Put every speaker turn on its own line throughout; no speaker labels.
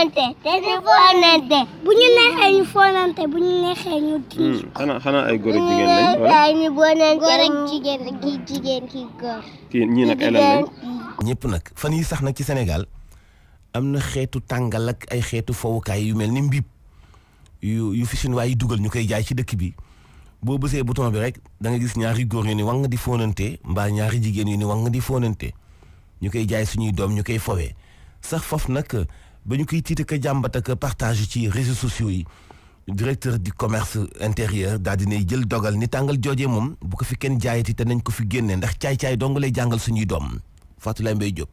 foonante hmm, ay góor ak
jigéen
nag fan yi sax nag ci senegal am na xeetu tàngal ak ay xeetu fowukaay yu mel ni mbiib yu yu fi chinois yi dugal ñu koy jaay ci dëkk bi boo bësee bouton bi rek danga gis ñaari góor yu ni wang di foonante mbaa ñaari jigéen yu ni wang di foonante ñu koy jaay suñuy doom ñu koy fowee sax foofu nag. ba ñu koy tiit ak jàmbat ak partage ci réseau sociaux yi directeur di commerce intérieur daal dinay jël dogal ni tàngal jooje moom bu ko fi kenn jaayati te nañ ko fi génne ndax caay-caay dong lay jàngal suñuy doom Fatou Laye Mbaye Diop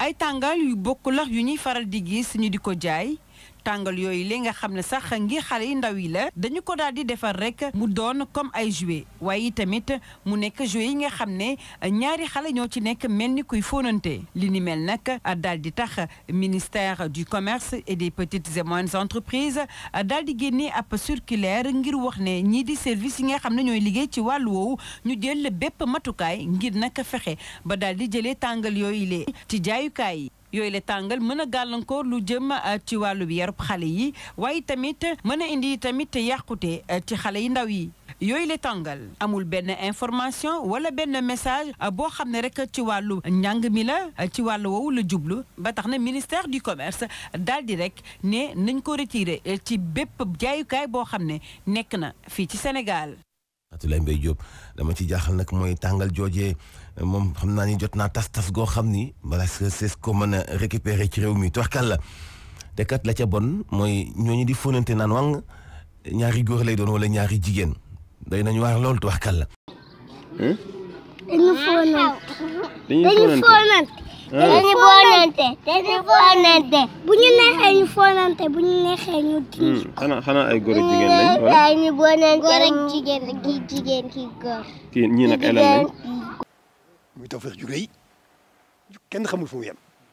ay tàngal yu bokk ak yu ñuy faral di gis suñu di ko jaay tàngal yooyu li nga xam ne sax ngir xale yi ndaw yi la dañu ko daal di defar rek mu doon comme ay jouet waaye tamit mu nekk jouet yi nga xam ne ñaari xale ñoo ci nekk mel ni kuy fóonante li ni mel nag daal di tax ministère du commerce et des petites et moyennes entreprises daal di génne ab circulaire ngir wax ne ñii di service yi nga xam ne ñooy liggéey ci wàllu woowu ñu jël bépp matukaay ngir nag fexe ba daal di jëlee tàngal yooyu lee ci jaayukaay yi yooyu la tàngal mën a gàllankoor lu jëm euh, ci wàllu bi yarub xale yi waaye tamit mën a indi tamit yàqute euh, ci xale yi ndaw yi yooyu la tàngal amul benn information wala benn message euh, boo xam ne rek ci wàllu njàng mi la ci wàllu woowu la jublu ba tax na ministère du commerce daal di rek ne nañ ko retiré ci bépp jaayukaay boo xam ne nekk na fii ci Sénégal Abdoulaye
Mbaye Diop dama ci jaaxal nag mooy tàngal joojee moom xam naa ni jot naa tas-tas goo xam ni bala c'est ko mën a récupérer ci réew mi torkal kalla te kat la ca bon mooy ñooñu di fóonante naan wàng ñaari góor lay doon walla ñaari jigéen day nañu waar loolu torkal wax kalla hmm? fóonante
dañuy
dañu eh.
foonante dañu mm. foonante bu ñu neexee ñu foonante bu ñu neexee ñu
diis mm. ko. xanaa xanaa ay góor ak jigéen lañ. wala
dañu foonante góor ak jigéen kii jigéen kii góor.
kii ñii nag ay lan lañ.
muy tawfeex ju rëy kenn xamul fu mu yem.